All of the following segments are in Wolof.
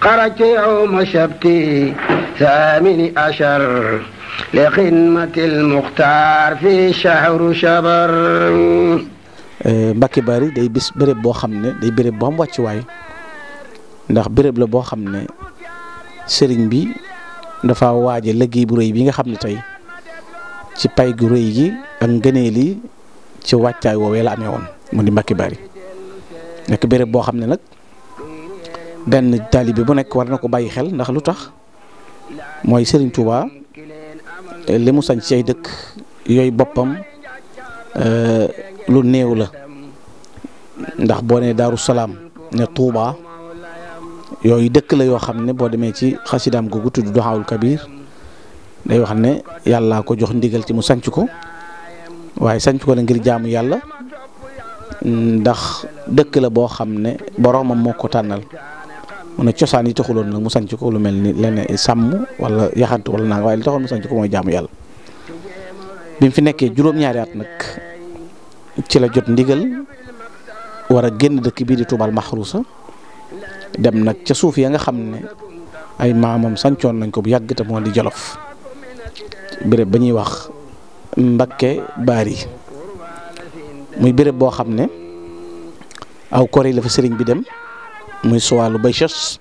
خرجت يوم شبتي ثامن عشر لخدمة المختار في شهر شبر eh, Mbacke Bari day bis béréb boo xam ne day béréb boo am ndax béréb la boo xam ne sëriñ bi dafa waaje liggéey bu rëy bi nga xam ne tey ci pay gu rëy gi ak ngëneel ci wàccaay woowee la amee woon mu di Mbacke Bari nekk béréb boo xam ne nag benn taalibe bu nekk war na ko bàyyi xel ndax lu tax mooy Serigne Touba eh, li mu sañ ci ay dëkk yooyu boppam eh, lu néew la ndax boo nee Daaru Salaam ne Touba yooyu dëkk la yoo xam ne boo demee ci xasidaam googu tudd Duxaawul Kabir day wax ne yàllaa ko jox ndigal ci mu sanc ko waaye sanc ko la ngir jaamu yàlla ndax dëkk la boo xam ne boroomam moo ko tànnal mu ne cosaan yi taxuloon nag mu sanc ko lu mel ni lenn sàmm wala yaxantu wala naa waaye li taxoon mu sanc ko mooy jaamu yàlla bi mu fi nekkee juróom-ñaari at nag ci la jot ndigal war a génn dëkk bii di Tuubal Maxruusa dem nag ca suuf ya nga xam ne ay maamam sancoon nañ ko bu yàgg te moo di Jolof béréb ba ñuy wax Mbakke Baari muy béréb boo xam ne aw kor yi la fa sëriñ bi dem muy suwaalu baychas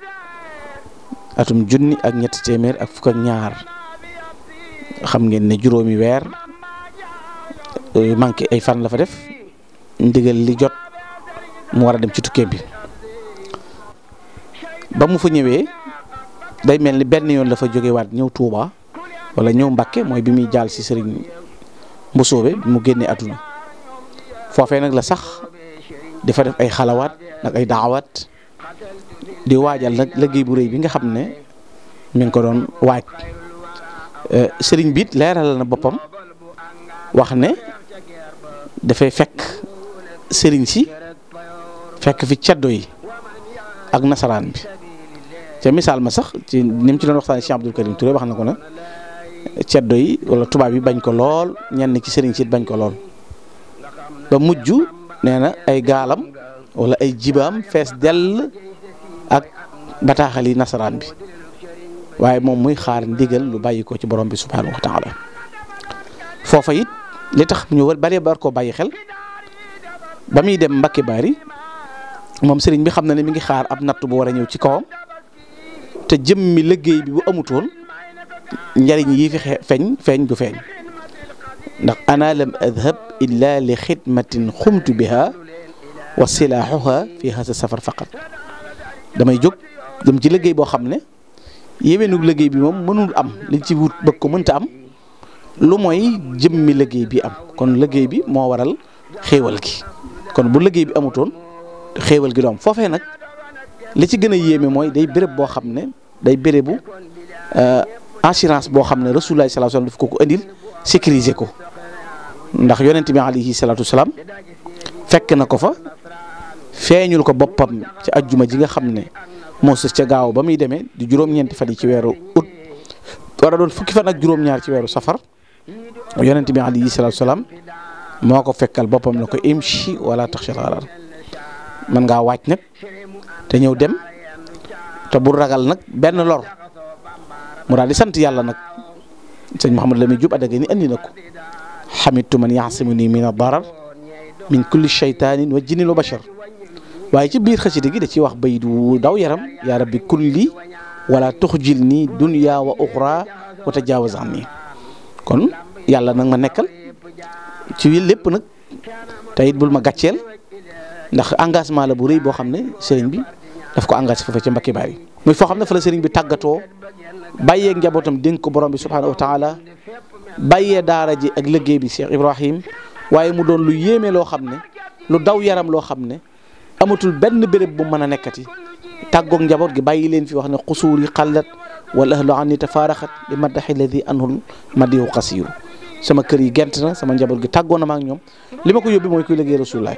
atum junni ak ñetti téeméer ak fukk ak ñaar xam ngeen ne juróomi weer euh, manqué ay fan la fa def ndigal li jot mu war a dem ci tukkee bi ba mu fa ñëwee day mel ni benn yoon la fa jóge waat ñëw Touba wala ñëw Mbàkke mooy bi muy jaal si sëriñ Mbusoobe mu génnee àdduna foofee nag la sax dafa def ay xalawaat ak ay daawaat di waajal nag liggéey bu rëy bi nga xam ne mi ngi ko doon waaj euh, sëriñ biit leeral na boppam wax ne dafay fekk sëriñ si fekk fi ceddo yi ak nasaraan bi ca misaal ma sax ci ni ci doon waxtaan Cheikh Abdoul Karim Touré wax na ko nag ceddo yi wala tubaab yi bañ ko lool ñenn ci sëriñ si bañ ko lool ba mujj nee ay gaalam wala ay jibaam fees dell bataaxali nasaraan bi waaye moom muy xaar ndigal lu bàyyi ko ci borom bi subhaanahu wa taala foofa it li tax ñu war bari bar koo bàyyi xel ba muy dem Mbacke Bari moom sëriñ bi xam na ne mi ngi xaar ab natt bu war a ñëw ci kawam te jëmmi liggéey bi bu amutoon njariñ yi fi feeñ feeñ du feeñ ndax ana lam adhab illa li xidmatin xumtu biha wa silaaxuha fi hasa safar faqat damay jóg jëm ci liggéey boo xam ne yéwénug liggéey bi moom mënul am liñ ci wut bëgg ko mënta am lu mooy jëmmi liggéey bi am kon liggéey bi moo waral xéewal gi kon bu liggéey bi amutoon xéewal gi du am foofee nag li ci gën a yéeme mooy day béréb boo xam ne day bérébu euh, assurance boo xam ne Rasulullah sallallahu alayhi ko ko indil sécuriser ko ndax yonent bi alayhi salaatu salaam fekk na ko fa feeñul ko boppam ci ajjuma ji nga xam ne. moo sës ca gaaw ba muy demee di juróom-ñeenti fan yi ci weeru ut war doon fukki fan ak juróom-ñaar ci weeru safar yonent bi alayhi salaatu salaam moo ko fekkal boppam la ko imshi wala taxshal gharar mën ngaa waaj nag te ñëw dem te bu ragal nag benn lor mu daal di sant yàlla nag sëñ Mouhamad la muy jub addaga ni andi na ko xamitu man yaxsimu nii min ad darar min kulli shaytaanin wa jinnin wa bashar waaye ci biir xasida gi da ciy wax bayit wu daw yaram yaa rabbi kulli wala tuxjil nii dunya wa uxra wa tajaawaz anni kon yàlla nag ma nekkal ci lépp nag te it bul ma gàcceel ndax engagement la bu rëy boo xam ne sëriñ bi daf ko engagé foofu ci Mbacke yi muy foo xam ne fa la sëriñ bi tàggatoo bàyyee njabootam dénk ko borom bi subhaanahu wa taala bàyyee daara ji ak liggéey bi Cheikh Ibrahim waaye mu doon lu yéeme loo xam ne lu daw yaram loo xam ne amatul benn béréb bu mën a nekkati tàggoog njaboot gi bàyyi leen fi wax ne xusuur yi xallat wal ahlu anni tafaaraxat bi maddaxi ladi anhul madihu xasiiru sama kër yi gent na sama njaboot gi tàggoon ak ñoom li ma ko yóbbi mooy kuy liggéey rasulaay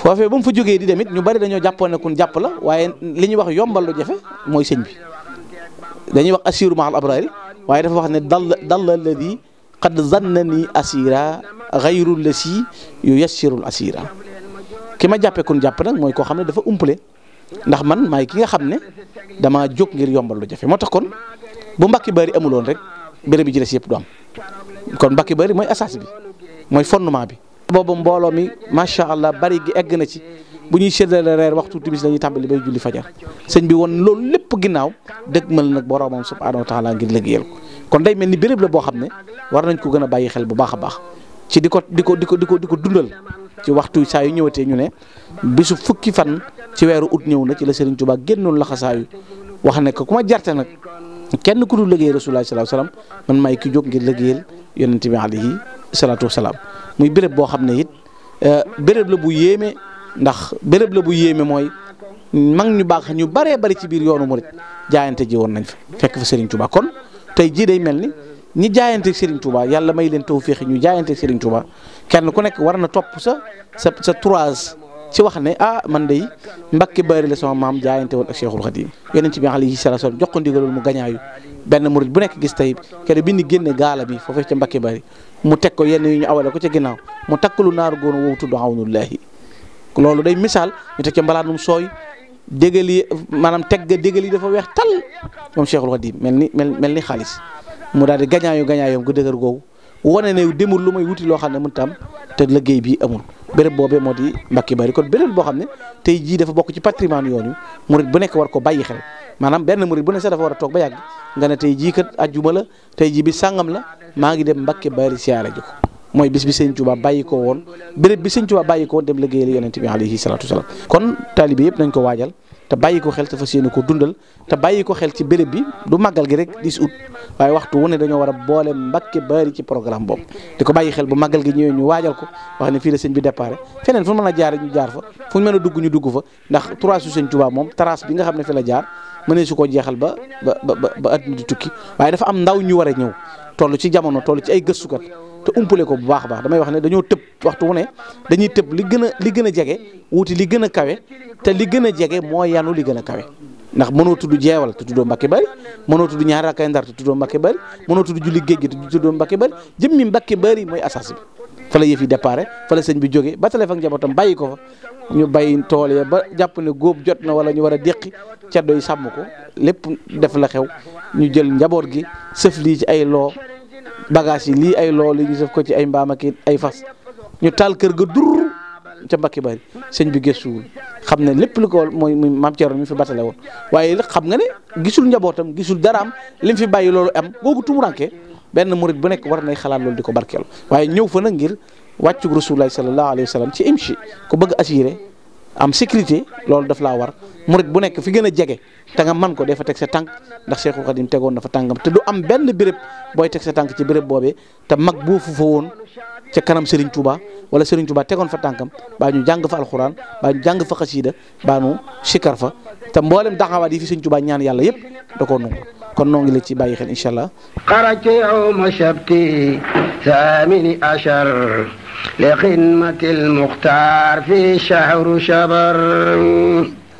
foofee ba mu fa jógee di demit ñu bari dañoo jàppoon ne kun jàppala waaye li ñuy wax yombal lu jafe mooy sëñ bi dañuy wax assiru ma al abraari waaye dafa wax ne dal dal alladi qad zanna ni asira xayru lasi yu ki ma jàppee kon jàpp nag mooy koo xam ne dafa umpale ndax man maay ki nga xam ne damaa jóg ngir yombal lu jafe moo tax kon bu mbakki bari amuloon rek béréb yi ci des yëpp du am kon mbakki bari mooy asas bi mooy fondement bi. boobu mbooloo mi macha allah bari gi egg na ci bu ñuy séddale reer waxtu timis la ñuy tàmbali bay julli fajar sëñ bi woon loolu lépp ginnaaw dëgmal nag boroomam subhaanahu wa taala ngir yel ko kon day mel ni béréb la boo xam ne war nañ ko gën a bàyyi xel bu baax a baax. ci di ko di ko di ko di ko di ko dundal ci waxtu saa yu ñëwatee ñu ne bisu fukki fan ci weeru ut ñëw na ci la Serigne Touba génnoon laxasaayu wax ne ko ku ma jarte nag kenn ku dul liggéey Rasulullah sallallahu alayhi wasallam man maay ki jóg ngir liggéeyal yonent bi alayhi salaatu wasalaam muy béréb boo xam ne it euh, béréb la bu yéeme ndax béréb la bu yéeme mooy mag ñu baax ñu baree bari ci biir yoonu murit jaayante ji woon nañ fa fekk fa Serigne Touba kon tey jii day mel ni ñi jaayante Serigne Touba yàlla may leen tawféex ñu jaayanteeg Serigne Touba kenn ku nekk war na topp sa sa sa trois ci wax ne ah man de Mbàkke Bari la sama maam jaayante woon ak Cheikhul Khadim yonent bi alayhi salaatu jox ko ndigalul mu gañaayu benn murit bu nekk gis tey kene bi ni génne gaala bi foofee ca Mbàkke Bari mu teg ko yenn yi ñu awale ko ca ginnaaw mu takkalu naaru góor woowu tudd awnullaahi loolu day misaal ñu teg ca mbalaanum sooy dégal yi maanaam teg ga dégal yi dafa weex tal moom Cheikhul Khadim mel ni mel mel ni xaalis mu daal di gañaayu gañaayoom gu dëgër googu wane ne demul lu may wuti loo xam ne mënut tam te liggéey bi amul béréb boobee moo di Mbacke Bari kon béréb boo xam ne tey jii dafa bokk ci patrimoine yoon wi murit nekk war ko bàyyi xel maanaam benn murit war a toog ba yàgg nga ne tey jii kat ajjuma la tey jii bi sàngam la maa ngi dem Mbacke Bari siyaare ji ko mooy bis bi sëñ Tuubaa bàyyi ko woon béréb bi sëñ Tuubaa bàyyi ko woon dem liggéeyal yonent bi alayhi salaatu wasalaam kon taalibe yëpp nañ ko waajal te bàyyi ko xel te fas yéene ko dundal te bàyyi ko xel ci béréb bi du màggal gi rek 10 août waaye waxtu wu ne dañoo war a boole Mbàkke Baari ci programme boobu di ko bàyyi xel bu màggal gi ñëwee ñu waajal ko wax ne fii la sëñ bi déparé feneen fu ñu a jaar ñu jaar fa fu ñu mën a dugg ñu dugg fa ndax trois su sëñ Tuubaa moom tras bi nga xam ne fi la jaar mënee su ko jeexal ba ba ba ba at mi di tukki waaye dafa am ndaw ñu war a ñëw toll ci jamono toll ci ay gëstukat te umpale ko bu baax a baax damay wax ne dañoo tëb waxtu wu ne dañuy tëb li gën a li gën a jege wuti li gën a kawe te li gën a jege moo yanu li gën a kawe ndax mënoo tudd jeewal te tuddoo Mbàkke Bari mënoo tudd ñaari rakkay Ndar te tuddoo Mbàkke Bari mënoo julli géej gi te tuddoo Mbàkke Bari jëmmi mbakki Bari mooy asas bi fa la yëf yi départ fa la sëñ bi jógee ba tale fa njabootam bayi ko ñu bàyyi tool ya ba jàpp ne góob jot na wala ñu war a déqi caddo yi sàmm ko lépp def la xew ñu jël njaboot gi sëf lii ci ay loo bagage yi lii ay loolu ñu def ko ci ay mbaam ak ay fas ñu taal kër ga dur ca mbakki bari sëñ bi gëstuwul xam ne lépp lu ko mooy muy maam Thierno mi fi batale woon waaye xam nga ne gisul njabootam gisul daraam li mu fi bàyyi loolu am googu tumuraanke benn murit bu nekk war nay xalaat loolu di ko barkeelu waaye ñëw fa na ngir wàccu rasulullahi sallallahu alayhi wa sallam ci imshi ko bëgg assuré am sécurité loolu daf laa war murit bu nekk fi gën a jege te nga man ko dafa teg sa tànk ndax Seexul Xadim tegoon na fa tànkam te du am benn béréb booy teg sa tànk ci béréb boobe te mag boo fu fa woon ca kanam sëriñ Touba wala sëriñ Touba tegoon fa tànkam baa ñu jàng fa alxuraan baa ñu jàng fa xasiida baa ñu sikar fa te mboolem daxawaat yi fi Serigne Touba ñaan yàlla yëpp da koo kon noo la ci bàyyi xel incha allah. لخدمة المختار في شهر شبر